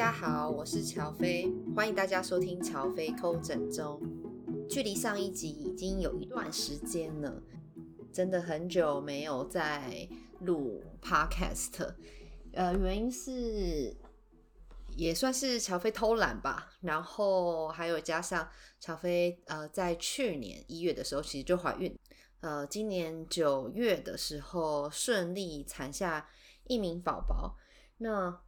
大家好，我是喬飛，歡迎大家收聽喬飛叩診中。距離上一集已經有一段時間了，真的很久沒有再錄 podcast。呃，原因是也算是喬飛偷懶吧，然後還有加上喬飛呃，在去年一月的時候其實就懷孕，呃，今年九月的時候順利產下一名寶寶，那。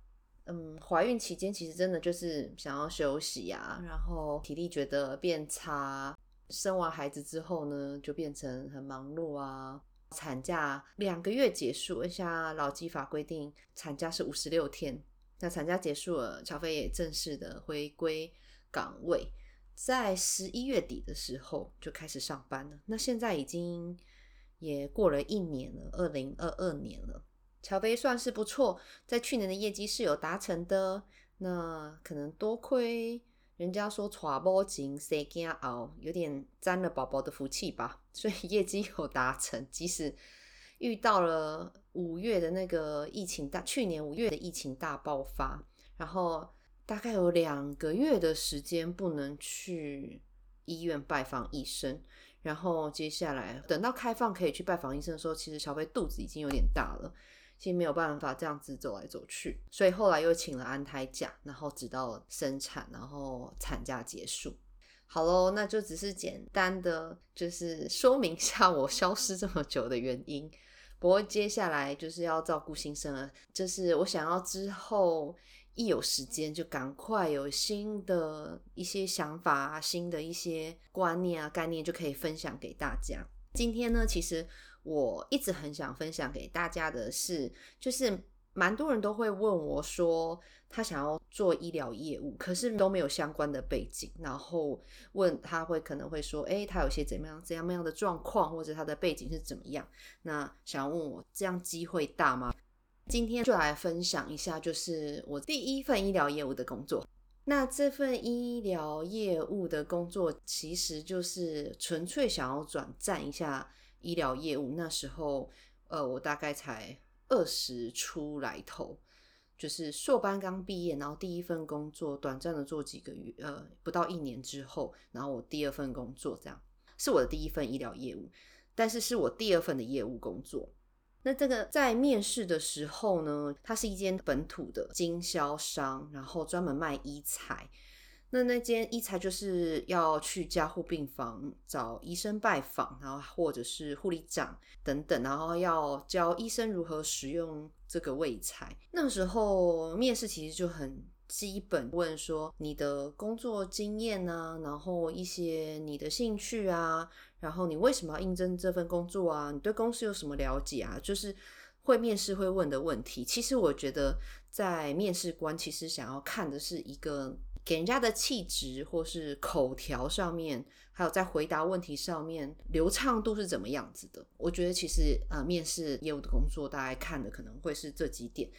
嗯，懷孕期間其實真的就是想要休息啊，然後體力覺得變差。生完孩子之後呢，就變成很忙碌啊。產假兩個月結束，像勞基法規定，產假是五十六天。那產假結束了，喬飛也正式的回歸崗位，在十一月底的時候就開始上班了。那現在已經也過了一年了，二零二二年了。喬杯算是不錯，在去年的業績是有達成的。那可能多虧人家說“揣寶金誰敢熬”，有點沾了寶寶的福氣吧，所以業績有達成。即使遇到了五月的那個疫情大，去年五月的疫情大爆發，然後大概有兩個月的時間不能去醫院拜訪醫生。然後接下來等到開放可以去拜訪醫生的時候，其實喬杯肚子已經有點大了。其實沒有辦法這樣子走來走去，所以後來又請了安胎假，然後直到生產，然後產假結束。好嘍，那就只是簡單的，就是說明一下我消失這麼久的原因。不過接下來就是要照顧新生兒。就是我想要之後一有時間就趕快有新的一些想法啊、新的一些觀念啊、概念就可以分享給大家。今天呢，其實。我一直很想分享給大家的是，就是蠻多人都會問我說，他想要做醫療業務，可是都沒有相關的背景，然後問他會可能會說，哎，他有些怎麼樣，怎麼樣的狀況，或者他的背景是怎麼樣，那想要問我這樣機會大嗎？今天就來分享一下，就是我第一份醫療業務的工作。那這份醫療業務的工作，其實就是純粹想要轉戰一下。醫療業務那時候，呃，我大概才二十出來頭，就是碩班剛畢業，然後第一份工作短暫的做幾個月，呃，不到一年之後，然後我第二份工作這樣，是我的第一份醫療業務，但是是我第二份的業務工作。那這個在面試的時候呢，它是一間本土的經銷商，然後專門賣醫材。那那間醫材就是要去加護病房找醫生拜訪，然後或者是護理長等等，然後要教醫生如何使用這個衛材。那個時候面試其實就很基本，問說你的工作經驗呢、啊，然後一些你的興趣啊，然後你為什麼要應徵這份工作啊？你對公司有什麼了解啊？就是會面試會問的問題。其實我覺得在面試官其實想要看的是一個。給人家的氣質，或是口條上面，還有在回答問題上面流暢度是怎麼樣子的？我覺得其實啊、呃，面試業務的工作，大概看的可能會是這幾點。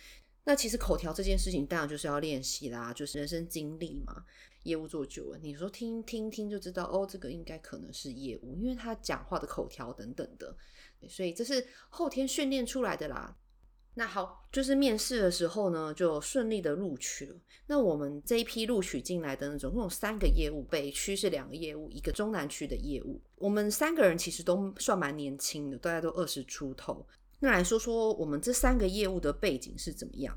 那其實口條這件事情，當然就是要練習啦，就是人生經歷嘛，業務做久了，你說聽聽聽就知道，哦，這個應該可能是業務，因為他講話的口條等等的，所以這是後天訓練出來的啦。那好，就是面試的時候呢，就順利的錄取了。那我們這一批錄取進來的那總共有三個業務，北區是兩個業務，一個中南區的業務。我們三個人其實都算蠻年輕的，大家都二十出頭。那來說說我們這三個業務的背景是怎麼樣？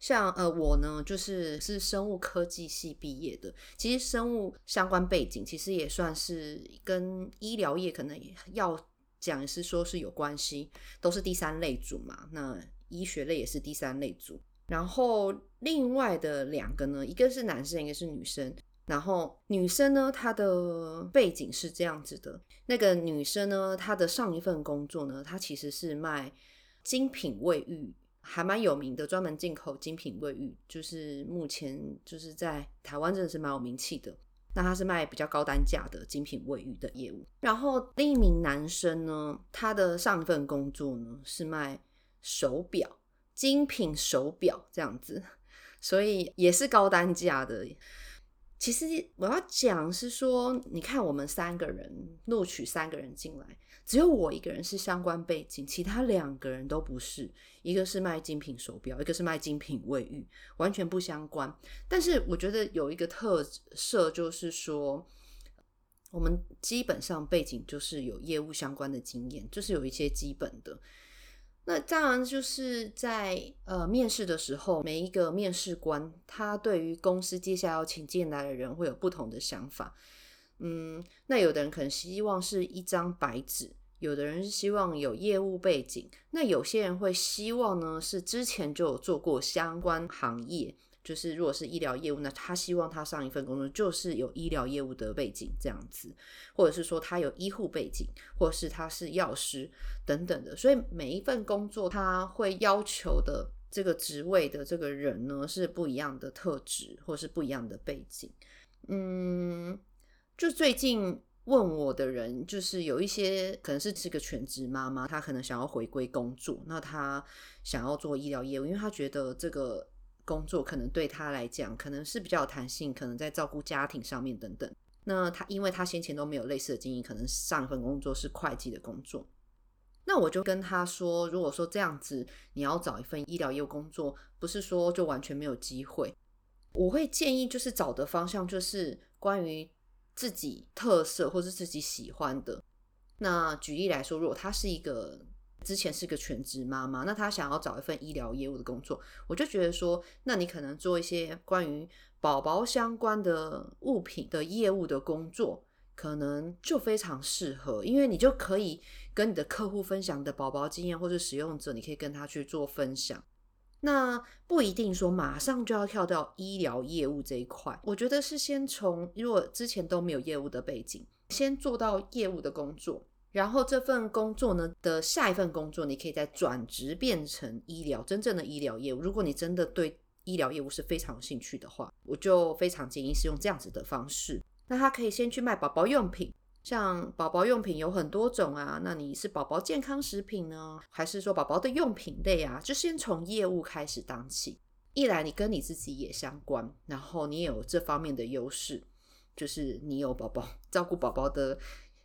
像呃我呢，就是是生物科技系畢業的，其實生物相關背景其實也算是跟醫療業可能也要。講是說是有關係，都是第三類組嘛。那醫學類也是第三類組，然後另外的兩個呢，一個是男生，一個是女生。然後女生呢，她的背景是這樣子的。那個女生呢，她的上一份工作呢，她其實是賣精品衛浴，還蠻有名的，專門進口精品衛浴，就是目前就是在台灣真的是蠻有名氣的。那他是賣比較高單價的精品衛浴的業務，然後另一名男生呢，他的上份工作呢，是賣手錶，精品手錶這樣子，所以也是高單價的。其實我要講是說，你看我們三個人錄取三個人進來，只有我一個人是相關背景，其他兩個人都不是，一個是賣精品手表，一個是賣精品衛浴，完全不相關。但是我覺得有一個特色就是說，我們基本上背景就是有業務相關的經驗，就是有一些基本的。那當然，就是在呃面試的時候，每一個面試官他對於公司接下來要請進來的人會有不同的想法。嗯，那有的人可能希望是一張白紙，有的人是希望有業務背景，那有些人會希望呢是之前就有做過相關行業。就是，如果是醫療業務，那他希望他上一份工作就是有醫療業務的背景這樣子，或者是說他有醫護背景，或者是他是藥師等等的。所以每一份工作，他會要求的這個職位的這個人呢是不一樣的特質，或是不一樣的背景。嗯，就最近問我的人，就是有一些可能是這個全職媽媽，她可能想要回歸工作，那她想要做醫療業務，因為她覺得這個。工作可能對他來講，可能是比較有彈性，可能在照顧家庭上面等等。那他因為他先前都沒有類似的經驗，可能上一份工作是會計的工作。那我就跟他說，如果說這樣子，你要找一份醫療業務工作，不是說就完全沒有機會。我會建議就是找的方向就是關於自己特色或是自己喜歡的。那舉例來說，如果他是一個。之前是個全職媽媽，那她想要找一份醫療業務的工作，我就覺得說，那你可能做一些關於寶寶相關的物品的業務的工作，可能就非常適合，因為你就可以跟你的客戶分享的寶寶經驗或者使用者，你可以跟他去做分享。那不一定說馬上就要跳到醫療業務這一塊，我覺得是先從如果之前都沒有業務的背景，先做到業務的工作。然後這份工作呢的下一份工作，你可以再轉職變成醫療真正的醫療業務。如果你真的對醫療業務是非常有興趣的話，我就非常建議是用這樣子的方式。那他可以先去賣寶寶用品，像寶寶用品有很多種啊。那你是寶寶健康食品呢，還是說寶寶的用品類啊？就先從業務開始當起。一來你跟你自己也相關，然後你也有這方面的優勢，就是你有寶寶照顧寶寶的。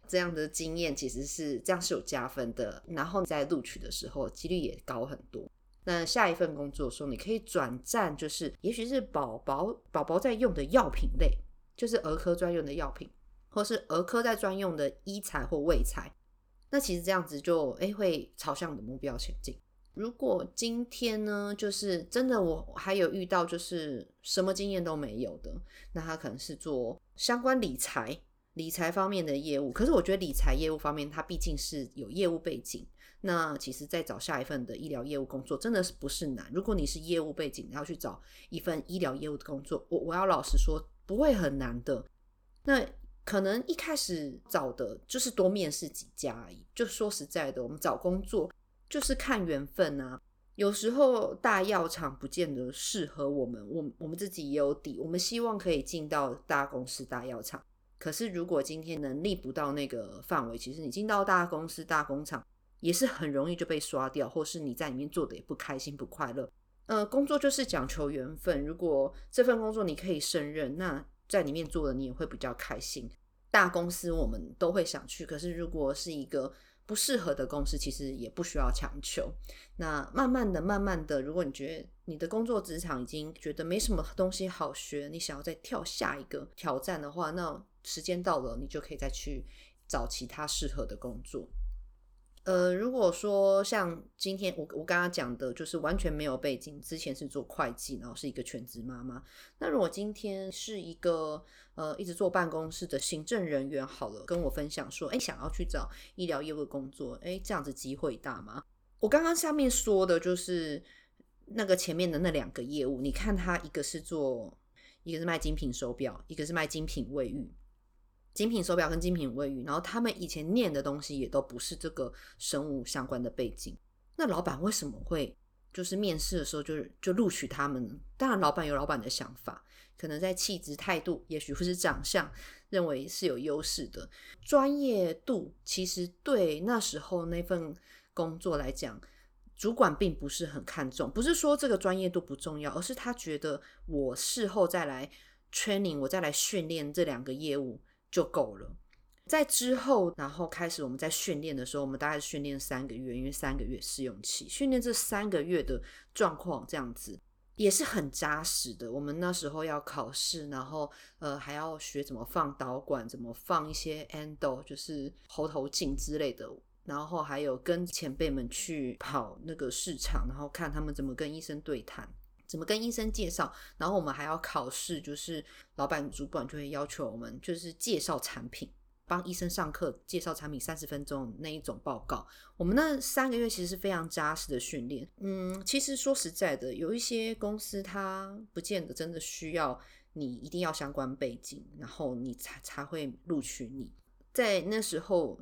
這樣的經驗其實是這樣是有加分的，然後在錄取的時候幾率也高很多。那下一份工作的時候，你可以轉戰就是，也許是寶寶寶寶在用的藥品類，就是兒科專用的藥品，或是兒科在專用的醫材或衛材。那其實這樣子就誒、欸、會朝向你的目標前進。如果今天呢，就是真的我還有遇到就是什麼經驗都沒有的，那他可能是做相關理財，理財方面的業務，可是我覺得理財業務方面，它畢竟是有業務背景。那其實，再找下一份的醫療業務工作，真的是不是難？如果你是業務背景，然後去找一份醫療業務的工作，我我要老實說，不會很難的。那可能一開始找的就是多面試幾家而已。就說實在的，我們找工作就是看緣分啊。有時候大藥廠不見得適合我們，我們我們自己也有底，我們希望可以進到大公司、大藥廠。可是，如果今天能力不到那個範圍，其實你進到大公司、大工廠也是很容易就被刷掉，或是你在裡面做的也不開心、不快樂。呃，工作就是講求緣分，如果這份工作你可以勝任，那在裡面做的你也會比較開心。大公司我們都會想去，可是如果是一個不適合的公司，其實也不需要強求。那慢慢的、慢慢的，如果你覺得你的工作職場已經覺得沒什麼東西好學，你想要再跳下一個挑戰的話，那。時間到了，你就可以再去找其他適合的工作。呃，如果說像今天我我剛剛講的，就是完全沒有背景，之前是做會計，然後是一個全職媽媽。那如果今天是一個呃一直坐辦公室的行政人員，好了，跟我分享說，誒，想要去找醫療業務的工作，誒，這樣子機會大嗎？我剛剛下面說的就是那個前面的那兩個業務，你看它一個是做，一個是賣精品手錶，一個是賣精品衛浴。精品手錶跟精品衛浴，然後他們以前念的東西也都不是這個生物相關的背景。那老闆為什麼會就是面試的時候就就錄取他們呢？當然，老闆有老闆的想法，可能在氣質、態度，也許或是長相，認為是有優勢的。專業度其實對那時候那份工作來講，主管並不是很看重。不是說這個專業度不重要，而是他覺得我事後再來 training，我再來訓練這兩個業務。就夠了。在之後，然後開始我們在訓練的時候，我們大概是訓練三個月，因為三個月試用期。訓練這三個月的狀況，這樣子也是很紮實的。我們那時候要考試，然後呃還要學怎麼放導管，怎麼放一些 endo 就是喉頭鏡之類的，然後還有跟前輩們去跑那個市場，然後看他們怎麼跟醫生對談。怎麼跟醫生介紹？然後我們還要考試，就是老板主管就會要求我們，就是介紹產品，幫醫生上課介紹產品三十分鐘那一種報告。我們那三個月其實是非常扎實的訓練。嗯，其實說實在的，有一些公司它不見得真的需要你一定要相關背景，然後你才才會錄取你。在那時候，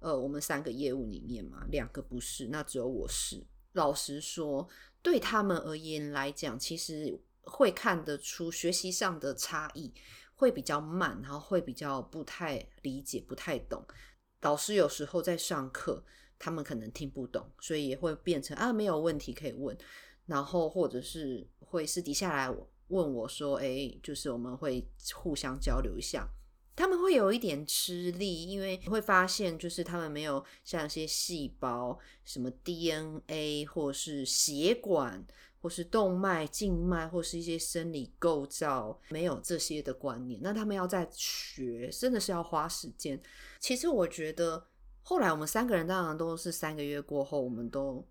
呃，我們三個業務裡面嘛，兩個不是，那只有我是。老實說，對他們而言來講，其實會看得出學習上的差異會比較慢，然後會比較不太理解、不太懂。老師有時候在上課，他們可能聽不懂，所以也會變成啊沒有問題可以問，然後或者是會私底下來我問我說：“哎，就是我們會互相交流一下。”他們會有一點吃力，因為你會發現就是他們沒有像一些細胞、什麼 DNA 或是血管或是動脈、靜脈或是一些生理構造，沒有這些的觀念，那他們要再學真的是要花時間。其實我覺得後來我們三個人當然都是三個月過後，我們都。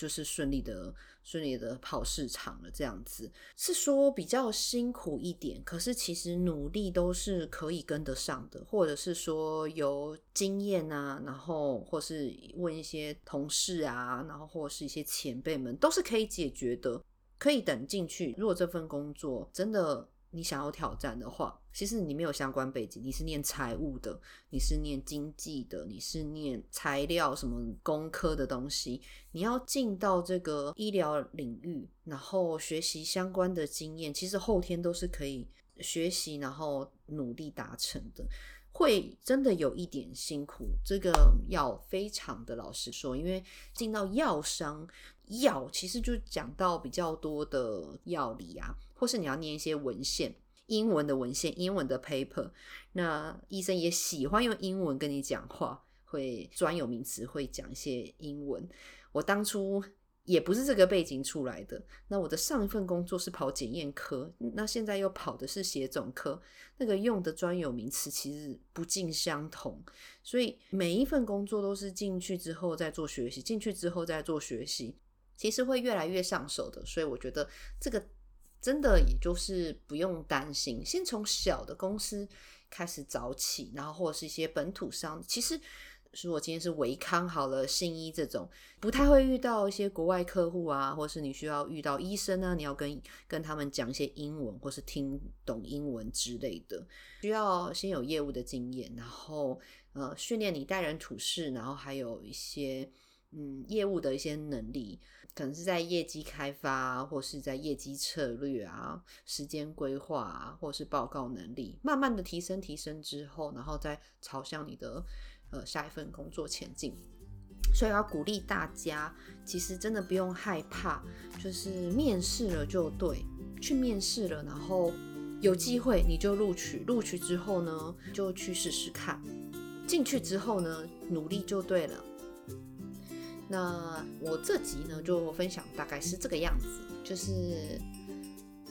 就是順利的、順利的跑市場了，這樣子是說比較辛苦一點，可是其實努力都是可以跟得上的，或者是說有經驗啊，然後或是問一些同事啊，然後或是一些前輩們都是可以解決的，可以等進去。如果這份工作真的，你想要挑戰的話，其實你沒有相關背景，你是念財務的，你是念經濟的，你是念材料什麼工科的東西，你要進到這個醫療領域，然後學習相關的經驗，其實後天都是可以學習，然後努力達成的，會真的有一點辛苦，這個要非常的老實說，因為進到藥商。藥其實就講到比較多的藥理啊，或是你要念一些文獻，英文的文獻，英文的 paper。那醫生也喜歡用英文跟你講話，會專有名詞，會講一些英文。我當初也不是這個背景出來的，那我的上一份工作是跑檢驗科，那現在又跑的是血腫科，那個用的專有名詞其實不盡相同，所以每一份工作都是進去之後再做學習，進去之後再做學習。其實會越來越上手的，所以我覺得這個真的也就是不用擔心，先從小的公司開始找起，然後或者是一些本土商。其實，如果今天是維康好了、新醫這種，不太會遇到一些國外客戶啊，或是你需要遇到醫生呢，啊，你要跟跟他們講一些英文，或是聽懂英文之類的，需要先有業務的經驗，然後呃，訓練你待人處事，然後還有一些。嗯，業務的一些能力，可能是在業績開發啊，或是在業績策略啊、時間規劃啊，或是報告能力，慢慢的提升提升之後，然後再朝向你的，呃，下一份工作前進。所以要鼓勵大家，其實真的不用害怕，就是面試了就對，去面試了，然後有機會你就錄取，錄取之後呢就去試試看，進去之後呢努力就對了。那我這集呢，就分享大概是這個樣子，就是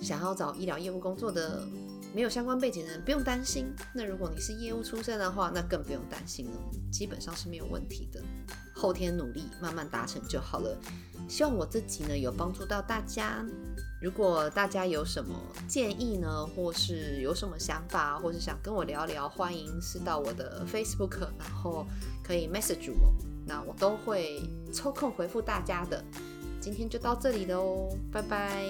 想要找醫療業務工作的，沒有相關背景的人不用擔心。那如果你是業務出身的話，那更不用擔心了，基本上是沒有問題的，後天努力慢慢達成就好了。希望我這集呢有幫助到大家。如果大家有什麼建議呢，或是有什麼想法，或是想跟我聊聊，歡迎私到我的 Facebook，然後可以 Message 我，那我都會抽空回復大家的。今天就到這裡嘍，拜拜。